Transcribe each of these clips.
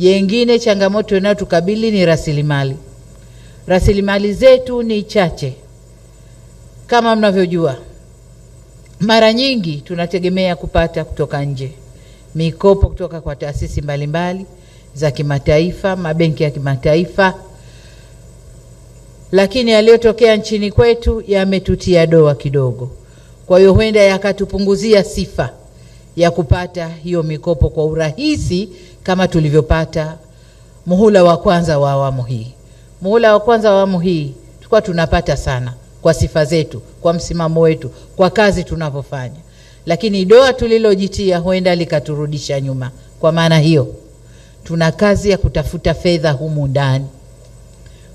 Jengine, changamoto inayotukabili ni rasilimali. Rasilimali zetu ni chache, kama mnavyojua, mara nyingi tunategemea kupata kutoka nje, mikopo kutoka kwa taasisi mbalimbali za kimataifa, mabenki ya kimataifa, lakini yaliyotokea nchini kwetu yametutia doa kidogo. Kwa hiyo huenda yakatupunguzia sifa ya kupata hiyo mikopo kwa urahisi kama tulivyopata muhula wa kwanza wa awamu hii. Muhula wa kwanza wa awamu hii tulikuwa tunapata sana kwa sifa zetu, kwa msimamo wetu, kwa kazi tunavyofanya, lakini doa tulilojitia huenda likaturudisha nyuma. Kwa maana hiyo, tuna kazi ya kutafuta fedha humu ndani,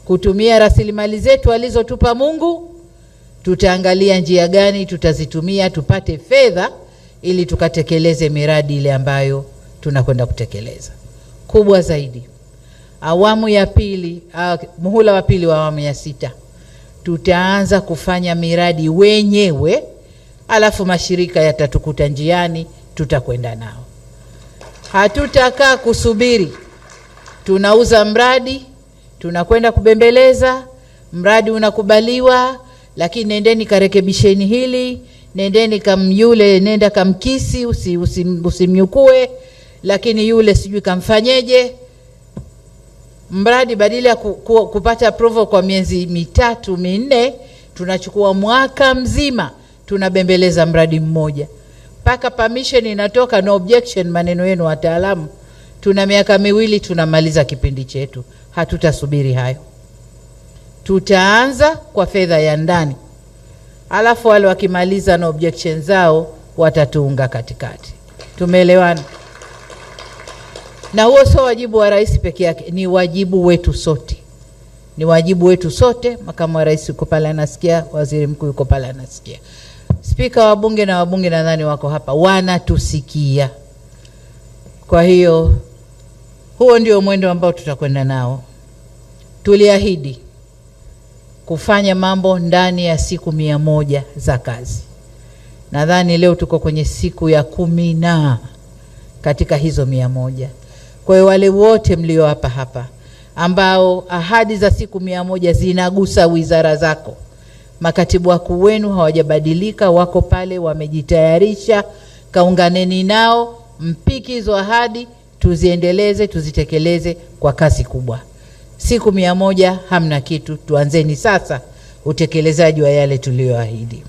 kutumia rasilimali zetu alizotupa Mungu. Tutaangalia njia gani tutazitumia tupate fedha ili tukatekeleze miradi ile ambayo tunakwenda kutekeleza. Kubwa zaidi, awamu ya pili, muhula wa pili wa awamu ya sita, tutaanza kufanya miradi wenyewe, alafu mashirika yatatukuta njiani, tutakwenda nao. Hatutakaa kusubiri tunauza mradi, tunakwenda kubembeleza, mradi unakubaliwa, lakini nendeni karekebisheni hili, nendeni kamyule, nenda kamkisi, usimnyukue usi, usi lakini yule sijui kamfanyeje mradi badala ya ku, ku, kupata approval kwa miezi mitatu minne, tunachukua mwaka mzima tunabembeleza mradi mmoja mpaka permission inatoka, no objection, maneno yenu wataalamu. Tuna miaka miwili tunamaliza kipindi chetu, hatutasubiri hayo, tutaanza kwa fedha ya ndani alafu wale wakimaliza na objection zao watatuunga katikati. Tumeelewana? Na huo sio wajibu wa rais peke yake, ni wajibu wetu sote, ni wajibu wetu sote. Makamu wa rais yuko pale anasikia, waziri mkuu yuko pale anasikia, spika wa bunge na wabunge nadhani wako hapa wanatusikia. Kwa hiyo huo ndio mwendo ambao tutakwenda nao, tuliahidi kufanya mambo ndani ya siku mia moja za kazi. Nadhani leo tuko kwenye siku ya kumi na katika hizo mia moja. Kwa hiyo wale wote mlio hapa hapa ambao ahadi za siku mia moja zinagusa wizara zako, makatibu wakuu wenu hawajabadilika, wako pale, wamejitayarisha. Kaunganeni nao, mpiki hizo ahadi, tuziendeleze, tuzitekeleze kwa kasi kubwa siku mia moja hamna kitu. Tuanzeni sasa utekelezaji wa yale tuliyoahidi.